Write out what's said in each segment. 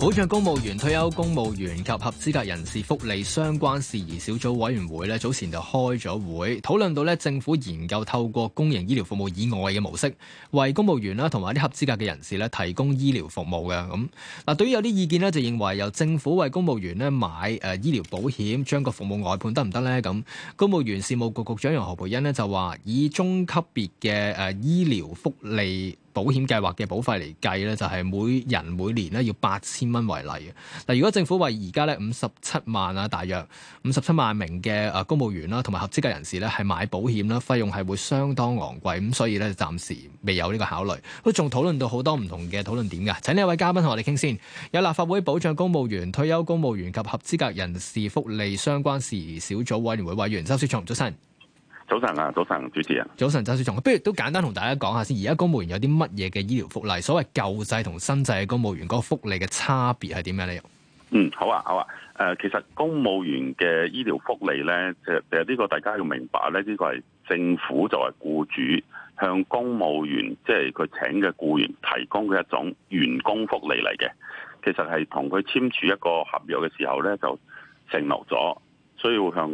保障公務員退休、公務員及合資格人士福利相關事宜小組委員會咧，早前就開咗會，討論到咧政府研究透過公營醫療服務以外嘅模式，為公務員啦同埋啲合資格嘅人士咧提供醫療服務嘅。咁嗱，對於有啲意見呢就認為由政府為公務員咧買誒醫療保險，將個服務外判得唔得呢？咁，公務員事務局局長楊何蓓茵咧就話，以中級別嘅誒醫療福利。保險計劃嘅保費嚟計呢就係、是、每人每年咧要八千蚊為例。嗱，如果政府為而家咧五十七萬啊，大約五十七萬名嘅誒公務員啦，同埋合資格人士咧，係買保險啦，費用係會相當昂貴，咁所以呢，暫時未有呢個考慮。都仲討論到好多唔同嘅討論點㗎。請呢位嘉賓同我哋傾先。有立法會保障公務員、退休公務員及合資格人士福利相關事宜小組委員會委員周小松，早晨。早晨啊，早晨主持人。早晨，周小松，不如都簡單同大家講下先，而家公務員有啲乜嘢嘅醫療福利？所謂舊制同新制嘅公務員嗰個福利嘅差別係點樣咧？嗯，好啊，好啊。誒、呃，其實公務員嘅醫療福利咧，其實其實呢個大家要明白咧，呢、這個係政府作為僱主向公務員，即係佢請嘅僱員提供嘅一種員工福利嚟嘅。其實係同佢簽署一個合約嘅時候咧，就承諾咗需要向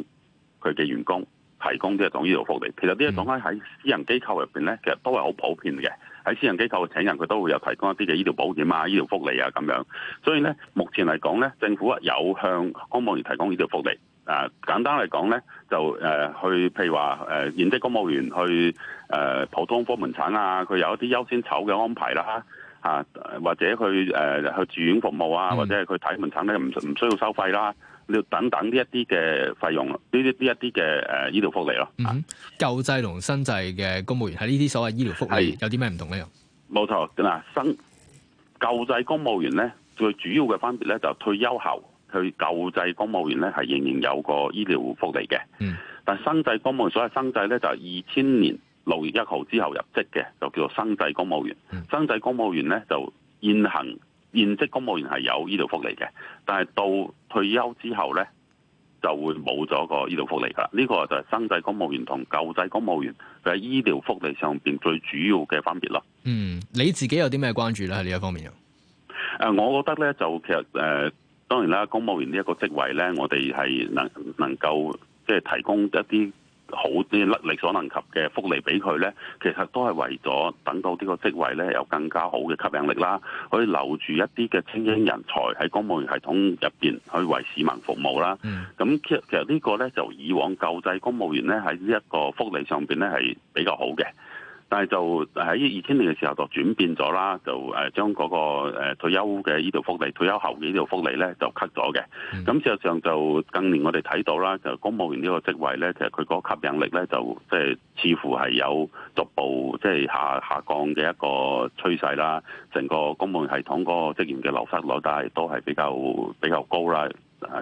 佢嘅員工。提供呢一種醫療福利，其實呢一講喺私人機構入邊咧，其實都係好普遍嘅。喺私人機構請人，佢都會有提供一啲嘅醫療保險啊、醫療福利啊咁樣。所以咧，目前嚟講咧，政府有向公務員提供醫療福利。啊，簡單嚟講咧，就誒去，譬如話，呃，誒、呃、現職公務員去誒、呃、普通科門診啊，佢有一啲優先籌嘅安排啦、啊。啊，或者去誒、呃、去住院服務啊，或者係去睇門診咧，唔唔需要收費啦。你要等等呢一啲嘅費用，呢啲呢一啲嘅誒醫療福利咯。嗯，舊制同新制嘅公務員喺呢啲所謂醫療福利有啲咩唔同咧？冇錯嗱，新舊制公務員咧，最主要嘅分別咧就係、退休後，去舊制公務員咧係仍然有個醫療福利嘅。嗯，但新制公務員所謂新制咧就係二千年，六月一號之後入職嘅就叫做新制公務員，嗯、新制公務員咧就現行現職公務員係有醫療福利嘅，但係到退休之後咧就會冇咗個醫療福利噶啦。呢、呢個就係新制公務員同舊制公務員喺醫療福利上邊最主要嘅分別咯。嗯，你自己有啲咩關注咧喺呢一方面誒，我覺得咧就其實誒、呃，當然啦，公務員職呢一個職位咧，我哋係能能夠即係提供一啲。好啲力所能及嘅福利俾佢呢，其實都係為咗等到呢個職位呢有更加好嘅吸引力啦，可以留住一啲嘅精英人才喺公務員系統入邊，可以為市民服務啦。咁、嗯、其實呢個呢，就以往舊制公務員呢喺呢一個福利上面呢係比較好嘅。但係就喺二千年嘅時候就轉變咗啦，就誒將嗰個誒退休嘅呢條福利，退休後嘅條福利咧就 cut 咗嘅。咁事實上就近年我哋睇到啦，就公務員這個職位呢個職位咧，其實佢嗰個吸引力咧就即係、就是、似乎係有逐步即係、就是、下下降嘅一個趨勢啦。成個公務員系統嗰個職員嘅流失率但係都係比較比較高啦。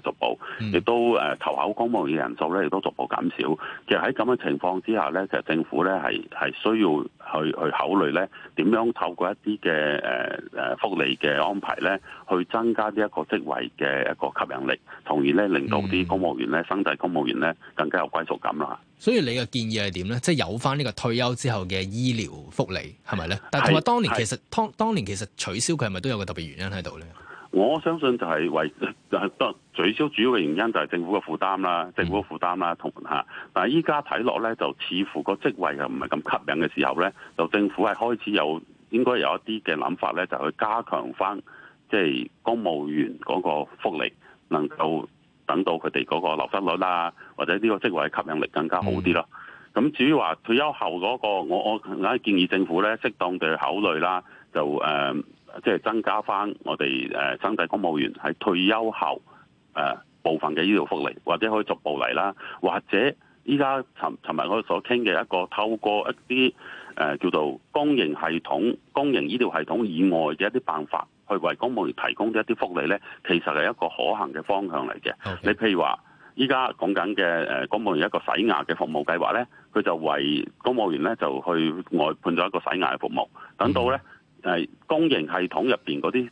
逐步亦都誒投考公務員嘅人數咧，亦都逐步減少。其實喺咁嘅情況之下咧，其實政府咧係係需要去去考慮咧點樣透過一啲嘅誒誒福利嘅安排咧，去增加呢一個職位嘅一個吸引力，同而咧令到啲公務員咧、嗯、新晉公務員咧更加有歸屬感啦。所以你嘅建議係點咧？即係有翻呢個退休之後嘅醫療福利係咪咧？但係同埋當年其實當年其實,當年其實取消佢係咪都有個特別原因喺度咧？我相信就係為就係取消主要嘅原因就係政府嘅負擔啦，政府嘅負擔啦同吓，但係依家睇落咧，就似乎個職位又唔係咁吸引嘅時候咧，就政府係開始有應該有一啲嘅諗法咧，就去加強翻即係公務員嗰個福利，能夠等到佢哋嗰個流失率啊，或者呢個職位吸引力更加好啲咯。咁至於話退休後嗰個，我我硬係建議政府咧適當地考慮啦，就誒、呃。即係增加翻我哋誒整體公務員喺退休後誒部分嘅醫療福利，或者可以逐步嚟啦，或者依家尋尋日我哋所傾嘅一個透過一啲誒、呃、叫做公營系統、公營醫療系統以外嘅一啲辦法，去為公務員提供一啲福利咧，其實係一個可行嘅方向嚟嘅。Okay. 你譬如話依家講緊嘅誒公務員一個洗牙嘅服務計劃咧，佢就為公務員咧就去外判咗一個洗牙嘅服務，等到咧。嗯係公營系統入邊嗰啲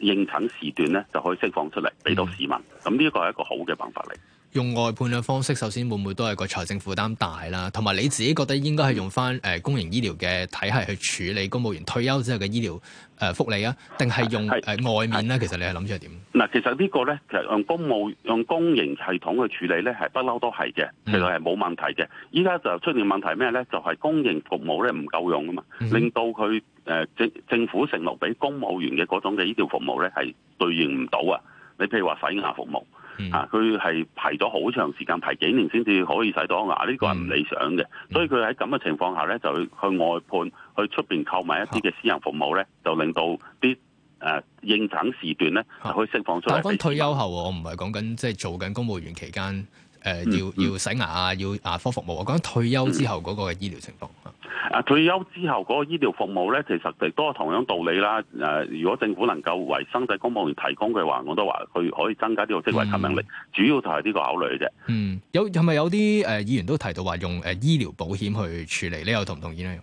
應診時段咧，就可以釋放出嚟俾到市民，咁呢個係一個好嘅辦法嚟。用外判嘅方式，首先會唔會都係個財政負擔大啦？同埋你自己覺得應該係用翻誒公營醫療嘅體系去處理公務員退休之後嘅醫療誒福利啊？定係用誒外面咧？其實你係諗住係點嗱？其實個呢個咧，其實用公務用公營系統去處理咧，係不嬲都係嘅，其實係冇問題嘅。依家就出現問題咩咧？就係、是、公營服務咧唔夠用啊嘛，令到佢誒政政府承諾俾公務員嘅嗰種嘅醫療服務咧係對應唔到啊！你譬如話洗牙服務。啊、嗯！佢係排咗好長時間，排幾年先至可以洗到牙，呢、這個係唔理想嘅、嗯嗯。所以佢喺咁嘅情況下咧，就去外判、去出邊購買一啲嘅私人服務咧、嗯，就令到啲誒、呃、應診時段咧可以釋放出嚟。講緊退休後我不是，我唔係講緊即係做緊公務員期間誒、呃嗯、要要洗牙啊、嗯、要牙科服務，我講退休之後嗰、嗯那個嘅醫療情況。啊，退休之後嗰個醫療服務咧，其實亦都係同樣道理啦。誒，如果政府能夠為生仔公務員提供嘅話，我都話佢可以增加呢個職位吸引力、嗯，主要就係呢個考慮嘅啫。嗯，有係咪有啲誒、呃、議員都提到話用誒、呃、醫療保險去處理？呢？又同唔同意咧？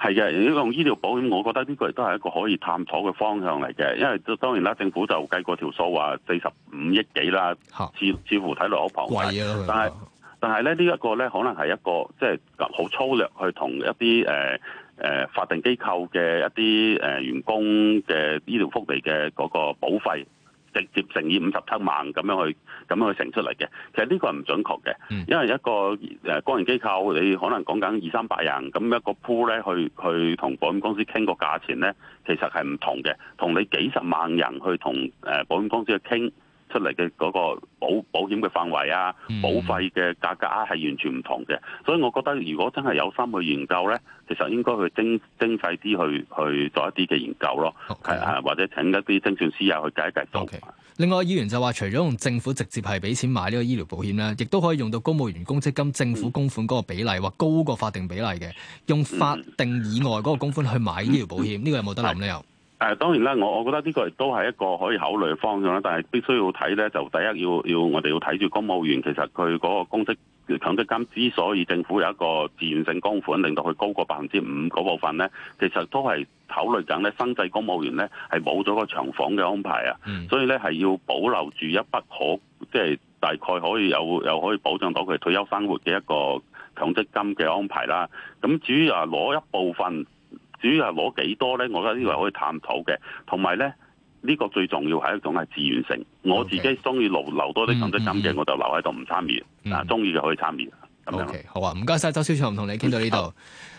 係嘅，用醫療保險，我覺得呢個亦都係一個可以探索嘅方向嚟嘅。因為當然啦，政府就計過條數話四十五億幾啦，似似，似乎睇落好龐大，但係。但係咧，這個、呢一個咧，可能係一個即係好粗略去同一啲誒誒法定機構嘅一啲誒員工嘅醫療福利嘅嗰個保費，直接乘以五十七萬咁樣去咁樣去乘出嚟嘅。其實呢個係唔準確嘅，因為一個誒公營機構，你可能講緊二三百人，咁一個 pool 呢，咧去去同保險公司傾個價錢咧，其實係唔同嘅。同你幾十萬人去同誒保險公司去傾，出嚟嘅嗰個保保險嘅範圍啊，保費嘅價格啊，係完全唔同嘅。所以我覺得，如果真係有心去研究咧，其實應該去精精細啲去去做一啲嘅研究咯，係啊，或者請一啲精算師啊去計一計。Okay. 另外，議員就話，除咗用政府直接係俾錢買呢個醫療保險咧，亦都可以用到公務員公積金、政府供款嗰個比例，嗯、或高過法定比例嘅，用法定以外嗰個公款去買醫療保險，呢、嗯這個有冇得諗咧？又？誒當然啦，我我覺得呢個都係一個可以考慮嘅方向啦，但係必須要睇咧，就第一要要我哋要睇住公務員其實佢嗰個公積強積金之所以政府有一個自願性公款令到佢高過百分之五嗰部分咧，其實都係考慮緊咧新制公務員咧係冇咗個長俸嘅安排啊，mm. 所以咧係要保留住一筆可即係大概可以有又可以保障到佢退休生活嘅一個強積金嘅安排啦。咁至於啊攞一部分。主要係攞幾多咧？我覺得呢個可以探討嘅。同埋咧，呢、呢個最重要係一種係自願性。Okay. 我自己中意留留多啲咁多金嘅，我就留喺度唔參與；啊、嗯，中意就可以參與。O、okay, K，好啊，唔該晒。周小松，同你傾到呢度。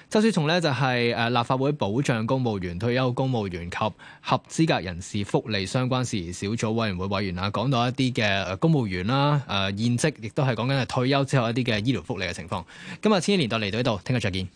周小松咧就係、係、立法會保障公務員退休公務員及合資格人士福利相關事宜小組委員會委員啊，講到一啲嘅公務員啦，誒、啊、現職亦都係講緊退休之後一啲嘅醫療福利嘅情況。今日千禧年代嚟到呢度，聽日再見。